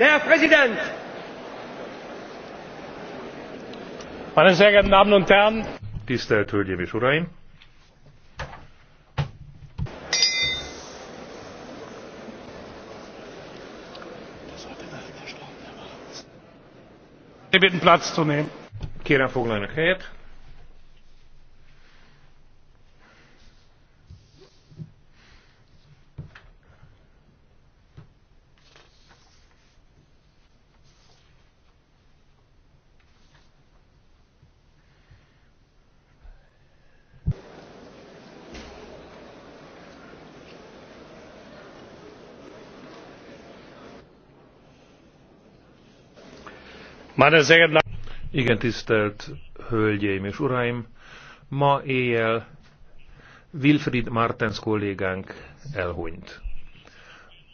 Herr Präsident! Meine sehr geehrten Damen und Herren! Tisztelt Hölgyeim és Uraim! Sie bitten Platz zu nehmen. Kérem foglaljanak helyet. Igen, tisztelt Hölgyeim és Uraim! Ma éjjel Wilfried Martens kollégánk elhunyt.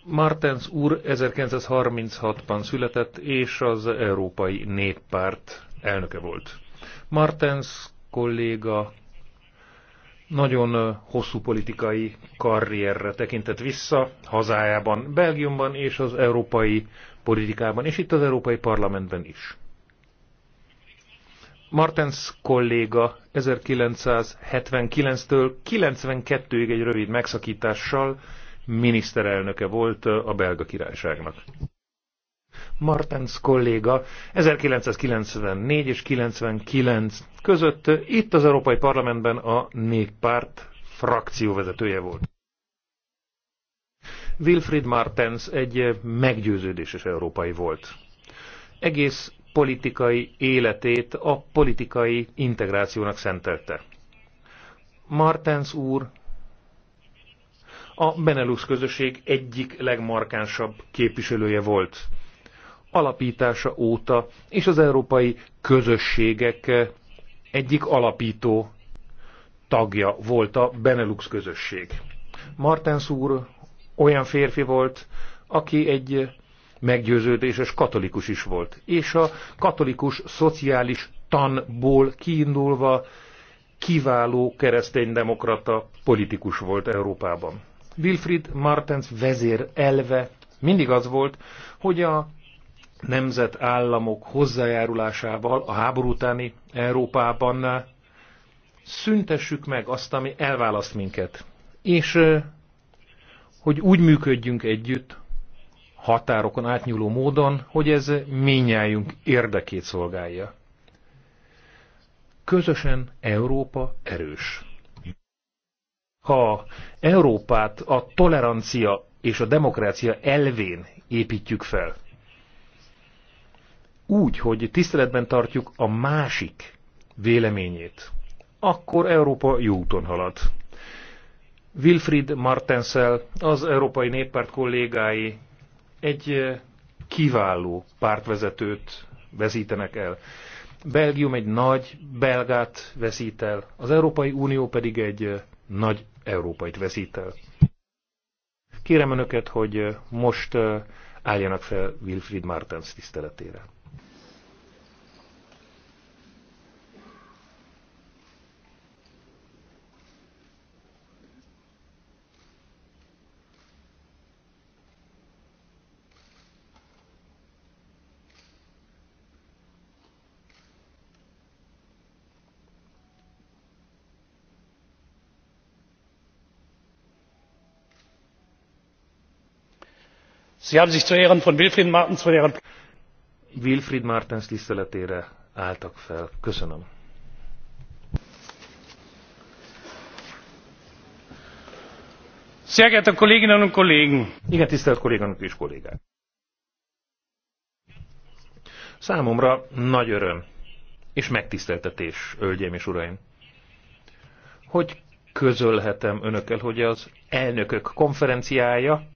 Martens úr 1936-ban született, és az Európai Néppárt elnöke volt. Martens kolléga nagyon hosszú politikai karrierre tekintett vissza hazájában, Belgiumban és az Európai politikában, és itt az Európai Parlamentben is. Martens kolléga 1979-től 92-ig egy rövid megszakítással miniszterelnöke volt a belga királyságnak. Martens kolléga 1994 és 99 között itt az Európai Parlamentben a néppárt frakcióvezetője volt. Wilfried Martens egy meggyőződéses európai volt. Egész politikai életét a politikai integrációnak szentelte. Martens úr a Benelux közösség egyik legmarkánsabb képviselője volt. Alapítása óta és az európai közösségek egyik alapító tagja volt a Benelux közösség. Martens úr olyan férfi volt, aki egy meggyőződéses katolikus is volt. És a katolikus szociális tanból kiindulva kiváló kereszténydemokrata politikus volt Európában. Wilfried Martens vezér elve mindig az volt, hogy a nemzetállamok hozzájárulásával a háború utáni Európában szüntessük meg azt, ami elválaszt minket. És hogy úgy működjünk együtt, határokon átnyúló módon, hogy ez minnyájunk érdekét szolgálja. Közösen Európa erős. Ha Európát a tolerancia és a demokrácia elvén építjük fel, úgy, hogy tiszteletben tartjuk a másik véleményét, akkor Európa jó úton halad. Wilfried Martensel, az Európai Néppárt kollégái egy eh, kiváló pártvezetőt veszítenek el. Belgium egy nagy belgát veszít el, az Európai Unió pedig egy eh, nagy európait veszít el. Kérem önöket, hogy eh, most álljanak fel Wilfried Martens tiszteletére. Sie haben sich zu Ehren von Wilfried Martens zu Ehren. Wilfried Martens tiszteletére álltak fel. Köszönöm. Sehr geehrte Kolleginnen und Kollegen! Igen, tisztelt kolléganok és kollégák! Számomra nagy öröm és megtiszteltetés, hölgyeim és uraim, hogy közölhetem önökkel, hogy az elnökök konferenciája